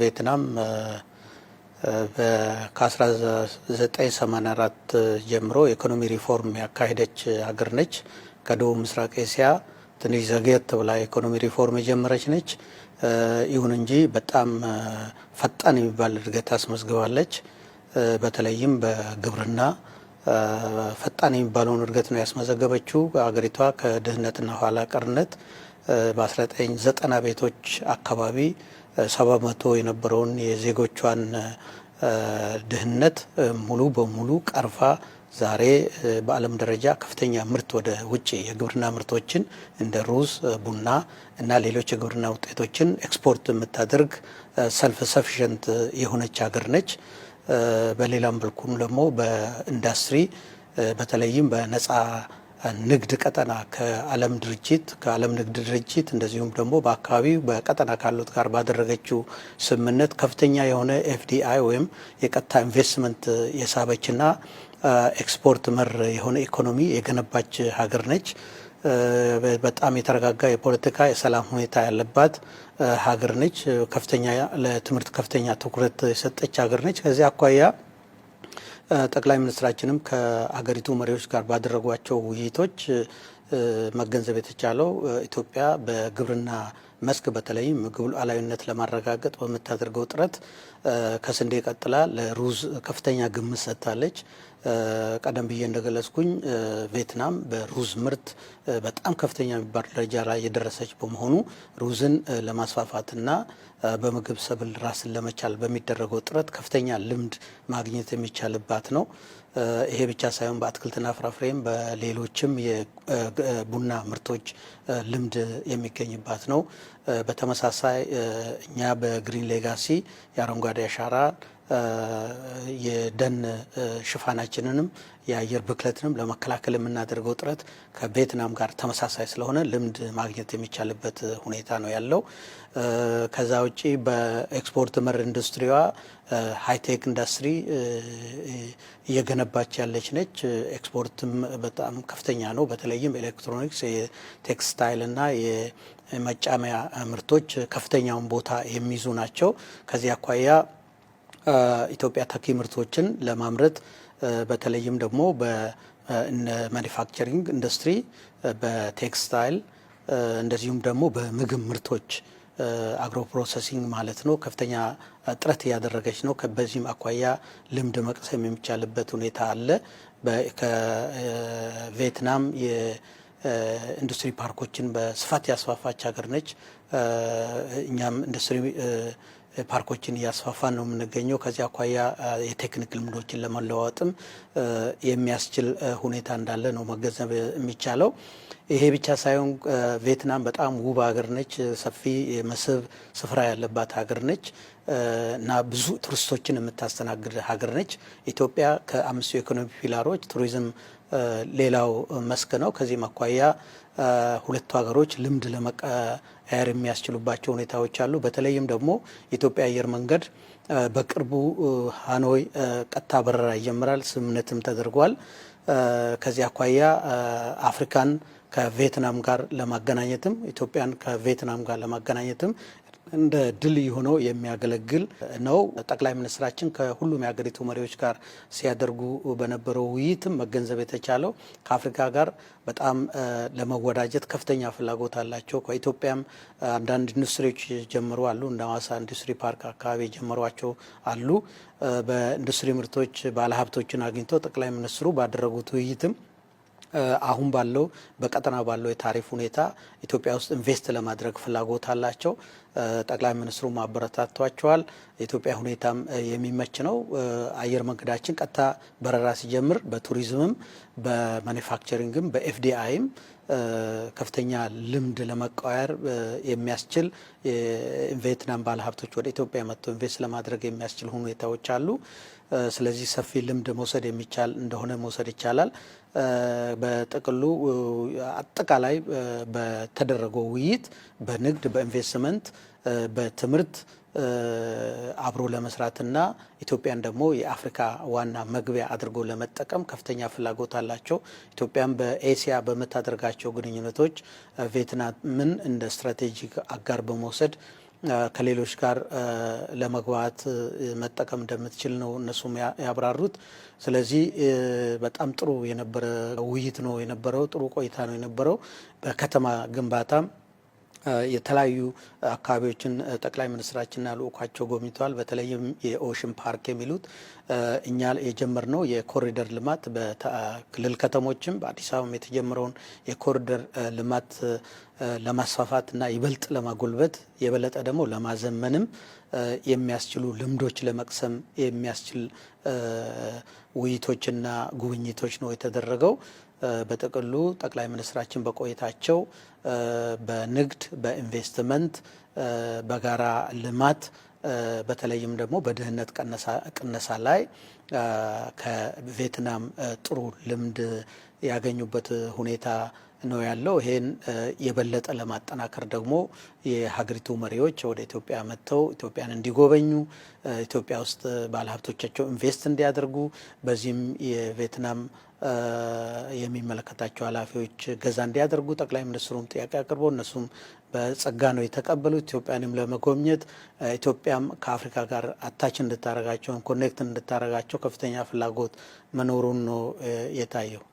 ቬትናም ከ1984 ጀምሮ የኢኮኖሚ ሪፎርም ያካሄደች ሀገር ነች። ከደቡብ ምስራቅ ኤስያ ትንሽ ዘግየት ብላ የኢኮኖሚ ሪፎርም የጀመረች ነች። ይሁን እንጂ በጣም ፈጣን የሚባል እድገት አስመዝግባለች። በተለይም በግብርና ፈጣን የሚባለውን እድገት ነው ያስመዘገበችው። ሀገሪቷ ከድህነትና ኋላ ቀርነት በ1990 ቤቶች አካባቢ ሰባ መቶ የነበረውን የዜጎቿን ድህነት ሙሉ በሙሉ ቀርፋ ዛሬ በዓለም ደረጃ ከፍተኛ ምርት ወደ ውጭ የግብርና ምርቶችን እንደ ሩዝ፣ ቡና እና ሌሎች የግብርና ውጤቶችን ኤክስፖርት የምታደርግ ሰልፍ ሰፊሸንት የሆነች ሀገር ነች። በሌላም በልኩም ደግሞ በኢንዱስትሪ በተለይም በነፃ ንግድ ቀጠና ከዓለም ድርጅት ከዓለም ንግድ ድርጅት እንደዚሁም ደግሞ በአካባቢው በቀጠና ካሉት ጋር ባደረገችው ስምምነት ከፍተኛ የሆነ ኤፍዲአይ ወይም የቀጥታ ኢንቨስትመንት የሳበችና ኤክስፖርት መር የሆነ ኢኮኖሚ የገነባች ሀገር ነች። በጣም የተረጋጋ የፖለቲካ የሰላም ሁኔታ ያለባት ሀገር ነች። ከፍተኛ ለትምህርት ከፍተኛ ትኩረት የሰጠች ሀገር ነች። ከዚህ አኳያ ጠቅላይ ሚኒስትራችንም ከአገሪቱ መሪዎች ጋር ባደረጓቸው ውይይቶች መገንዘብ የተቻለው ኢትዮጵያ በግብርና መስክ በተለይም ምግብ ሉዓላዊነት ለማረጋገጥ በምታደርገው ጥረት ከስንዴ ቀጥላ ለሩዝ ከፍተኛ ግምት ሰጥታለች። ቀደም ብዬ እንደገለጽኩኝ ቬትናም በሩዝ ምርት በጣም ከፍተኛ የሚባል ደረጃ ላይ የደረሰች በመሆኑ ሩዝን ለማስፋፋትና በምግብ ሰብል ራስን ለመቻል በሚደረገው ጥረት ከፍተኛ ልምድ ማግኘት የሚቻልባት ነው። ይሄ ብቻ ሳይሆን በአትክልትና ፍራፍሬም በሌሎችም የቡና ምርቶች ልምድ የሚገኝባት ነው። በተመሳሳይ እኛ በግሪን ሌጋሲ የአረንጓዴ አሻራ የደን ሽፋናችንንም የአየር ብክለትንም ለመከላከል የምናደርገው ጥረት ከቬትናም ጋር ተመሳሳይ ስለሆነ ልምድ ማግኘት የሚቻልበት ሁኔታ ነው ያለው። ከዛ ውጪ በኤክስፖርት መር ኢንዱስትሪዋ ሃይቴክ ኢንዱስትሪ እየገነባች ያለች ነች። ኤክስፖርትም በጣም ከፍተኛ ነው። በተለይም ኤሌክትሮኒክስ፣ የቴክስታይል እና የመጫመያ ምርቶች ከፍተኛውን ቦታ የሚይዙ ናቸው። ከዚህ አኳያ ኢትዮጵያ ተኪ ምርቶችን ለማምረት በተለይም ደግሞ በማኒፋክቸሪንግ ኢንዱስትሪ፣ በቴክስታይል እንደዚሁም ደግሞ በምግብ ምርቶች አግሮ ፕሮሰሲንግ ማለት ነው። ከፍተኛ ጥረት እያደረገች ነው። በዚህም አኳያ ልምድ መቅሰም የሚቻልበት ሁኔታ አለ። ከቬትናም ኢንዱስትሪ ፓርኮችን በስፋት ያስፋፋች ሀገር ነች። እኛም ኢንዱስትሪ ፓርኮችን እያስፋፋን ነው የምንገኘው። ከዚህ አኳያ የቴክኒክ ልምዶችን ለመለዋወጥም የሚያስችል ሁኔታ እንዳለ ነው መገንዘብ የሚቻለው። ይሄ ብቻ ሳይሆን ቪየትናም በጣም ውብ ሀገር ነች። ሰፊ የመስህብ ስፍራ ያለባት ሀገር ነች እና ብዙ ቱሪስቶችን የምታስተናግድ ሀገር ነች። ኢትዮጵያ ከአምስቱ የኢኮኖሚ ፒላሮች ቱሪዝም ሌላው መስክ ነው። ከዚህም አኳያ ሁለቱ ሀገሮች ልምድ ለመቀያየር የሚያስችሉባቸው ሁኔታዎች አሉ። በተለይም ደግሞ የኢትዮጵያ አየር መንገድ በቅርቡ ሀኖይ ቀጥታ በረራ ይጀምራል፣ ስምምነትም ተደርጓል። ከዚህ አኳያ አፍሪካን ከቪየትናም ጋር ለማገናኘትም ኢትዮጵያን ከቪየትናም ጋር ለማገናኘትም እንደ ድልድይ ሆኖ የሚያገለግል ነው። ጠቅላይ ሚኒስትራችን ከሁሉም የሀገሪቱ መሪዎች ጋር ሲያደርጉ በነበረው ውይይትም መገንዘብ የተቻለው ከአፍሪካ ጋር በጣም ለመወዳጀት ከፍተኛ ፍላጎት አላቸው። ከኢትዮጵያም አንዳንድ ኢንዱስትሪዎች ጀምሩ አሉ። እንደ ሐዋሳ ኢንዱስትሪ ፓርክ አካባቢ የጀመሯቸው አሉ። በኢንዱስትሪ ምርቶች ባለሀብቶችን አግኝቶ ጠቅላይ ሚኒስትሩ ባደረጉት ውይይትም አሁን ባለው በቀጠና ባለው የታሪፍ ሁኔታ ኢትዮጵያ ውስጥ ኢንቨስት ለማድረግ ፍላጎት አላቸው። ጠቅላይ ሚኒስትሩ ማበረታቷቸዋል። የኢትዮጵያ ሁኔታም የሚመች ነው። አየር መንገዳችን ቀጥታ በረራ ሲጀምር በቱሪዝምም በማኒፋክቸሪንግም በኤፍዲአይም ከፍተኛ ልምድ ለመቀየር የሚያስችል የቬትናም ባለሀብቶች ወደ ኢትዮጵያ መጥቶ ኢንቨስት ለማድረግ የሚያስችል ሁኔታዎች አሉ። ስለዚህ ሰፊ ልምድ መውሰድ የሚቻል እንደሆነ መውሰድ ይቻላል። በጥቅሉ አጠቃላይ በተደረገው ውይይት በንግድ፣ በኢንቨስትመንት፣ በትምህርት አብሮ ለመስራትና ኢትዮጵያን ደግሞ የአፍሪካ ዋና መግቢያ አድርጎ ለመጠቀም ከፍተኛ ፍላጎት አላቸው። ኢትዮጵያን በኤሲያ በምታደርጋቸው ግንኙነቶች ቬትናምን እንደ ስትራቴጂክ አጋር በመውሰድ ከሌሎች ጋር ለመግባባት መጠቀም እንደምትችል ነው እነሱም ያብራሩት። ስለዚህ በጣም ጥሩ የነበረ ውይይት ነው የነበረው። ጥሩ ቆይታ ነው የነበረው። በከተማ ግንባታም የተለያዩ አካባቢዎችን ጠቅላይ ሚኒስትራችንና ልኡካቸው ጎብኝተዋል። በተለይም የኦሽን ፓርክ የሚሉት እኛ የጀመርነው የኮሪደር ልማት በክልል ከተሞችም በአዲስ አበባም የተጀመረውን የኮሪደር ልማት ለማስፋፋትና ይበልጥ ለማጎልበት የበለጠ ደግሞ ለማዘመንም የሚያስችሉ ልምዶች ለመቅሰም የሚያስችል ውይይቶችና ጉብኝቶች ነው የተደረገው። በጥቅሉ ጠቅላይ ሚኒስትራችን በቆይታቸው በንግድ፣ በኢንቨስትመንት፣ በጋራ ልማት በተለይም ደግሞ በድህነት ቅነሳ ላይ ከቬትናም ጥሩ ልምድ ያገኙበት ሁኔታ ነው ያለው። ይሄን የበለጠ ለማጠናከር ደግሞ የሀገሪቱ መሪዎች ወደ ኢትዮጵያ መጥተው ኢትዮጵያን እንዲጎበኙ ኢትዮጵያ ውስጥ ባለሀብቶቻቸው ኢንቨስት እንዲያደርጉ በዚህም የቬትናም የሚመለከታቸው ኃላፊዎች ገዛ እንዲያደርጉ ጠቅላይ ሚኒስትሩም ጥያቄ አቅርቦ እነሱም በጸጋ ነው የተቀበሉት። ኢትዮጵያንም ለመጎብኘት ኢትዮጵያም ከአፍሪካ ጋር አታች እንድታረጋቸው ኮኔክት እንድታረጋቸው ከፍተኛ ፍላጎት መኖሩን ነው የታየው።